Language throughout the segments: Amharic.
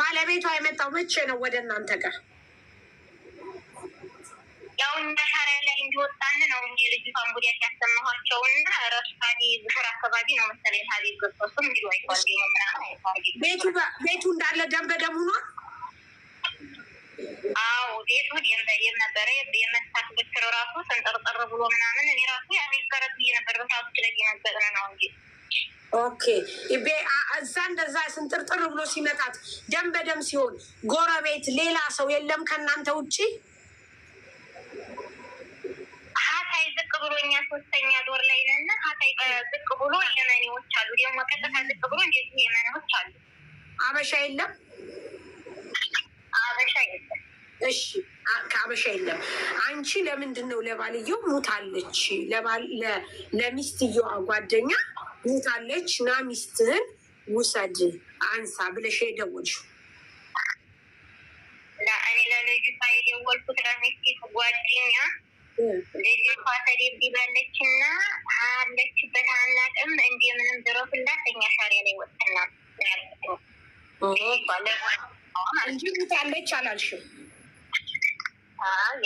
ባለቤቷ የመጣው መቼ ነው ወደ እናንተ ጋር? ያው እኛ ሻሪያ ላይ እንዲወጣን ነው እንጂ ልጅቷን ጉዳት ያሰማኋቸው እና ረሱ ረሱታኒ ዙሁር አካባቢ ነው መሰለኝ ሀቢብ ገብቶስም እንዲ አይቷል ቤቱ እንዳለ ደም በደም ሆኗል። አዎ ቤቱ ደም በደም ነበረ። የመሳት ብትር ራሱ ስንጠርጠር ብሎ ምናምን እኔ ራሱ ያኔ ከረት ብዬ ነበር በሳቱ ችለ ነበረ ነው እንጂ ኦኬ ቤ እዛ እንደዛ ስንጥርጥር ብሎ ሲመታት ደም በደም ሲሆን ጎረቤት ሌላ ሰው የለም ከእናንተ ውጭ? ሀታይ ዝቅ ብሎ እኛ ሶስተኛ ዶር ላይ ነን። ሀታይ ዝቅ ብሎ የመኔዎች አሉ። ደግሞ ቀጥታ ዝቅ ብሎ እንደዚህ የመኔዎች አሉ። አበሻ የለም፣ አበሻ የለም። እሺ ከአበሻ የለም። አንቺ ለምንድን ነው ለባልየው ሙታለች ለሚስትየዋ ጓደኛ ይታለች ና ሚስትህን ውሰድ አንሳ ብለሽ የደወልሽው እኔ ለልጅቷ የደወልኩት ለሚስት ጓደኛ ልጅቷ ተደብድባለች እና አለችበት አናውቅም እንደምንም ድረሱላት እኛ ሻሪ ላይ ወጥና እንጂ ሙታለች አላልሽም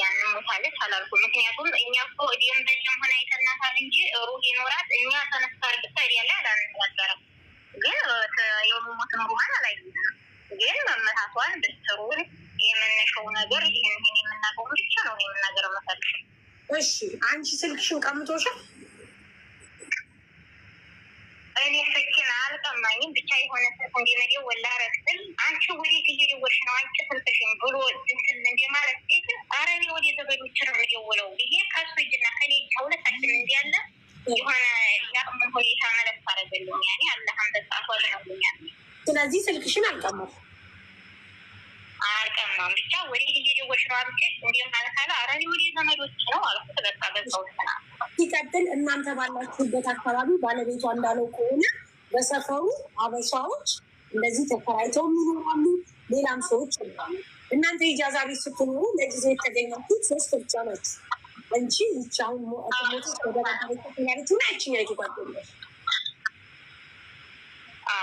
ያንን ሞታለች አላልኩ። ምክንያቱም እኛ እኮ እዲም ሆነ አይተናታል እንጂ ሩህ ይኖራት እኛ ያለ አላነበረም። ግን ግን መመታቷን ብትሩን የመነሻው ነገር ይህን ብቻ ነው የምናገር እሺ አንቺ ስልክሽን ቀምቶሻል? እኔ ስልኬን አልቀማኝም። ብቻ የሆነ ስልክ እንዲመደወል ወላረስል አንቺ ወዴት እየደወልሽ ነው? አንቺ ስልክሽን ብሎ እንትን እንዲ ያኔ ስለዚህ ስልክሽን አልቀማም አልቀማም ብቻ ነው ወደ ዘመዶች ነው አልኩት። በቃ ሲቀጥል እናንተ ባላችሁበት አካባቢ ባለቤቷ እንዳለው ከሆነ በሰፈሩ አበሻዎች እንደዚህ ተከራይተው የሚኖራሉ ሌላም ሰዎች እናንተ ኢጃዛ ቤት ስትኖሩ ለጊዜ የተገኛችሁት ሶስት ብቻ ናችሁ እንጂ ይቻሁን ሞቶ ተደራዳሪ ተገናሪቱና ይችኛ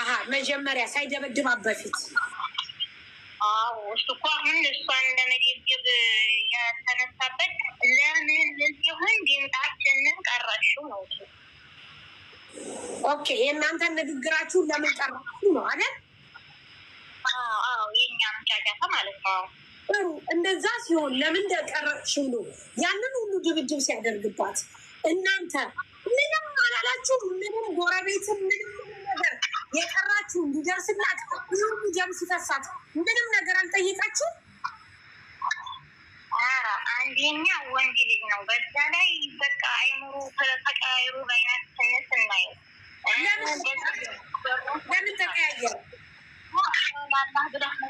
አሀ መጀመሪያ ሳይደበድባ በፊት እሱ እኮ አሁን እሷን ለመደብደብ ያተነሳበት ለምን ሲሆን ድምጣችንን ቀረሽው ነው። ኦኬ የእናንተ ንግግራችሁን ለምን ቀረሽው ነው አለ። የኛ ምጫጫታ ማለት ነው። ጥሩ እንደዛ ሲሆን ለምን ደቀረሽ ነው። ያንን ሁሉ ድብድብ ሲያደርግባት እናንተ ምንም አላላችሁ። ምንም ጎረቤትም ምንም ነገር የቀራችሁ እንዲደርስላት ብዙ ደም ሲፈሳት ምንም ነገር አልጠየቃችሁ። አንደኛ ወንድ ልጅ ነው። በዛ ላይ በቃ አይምሮ ተቀያይሩ በአይነት ስንት እናየው። ለምን ተቀያየሩ? አላህ ብለህ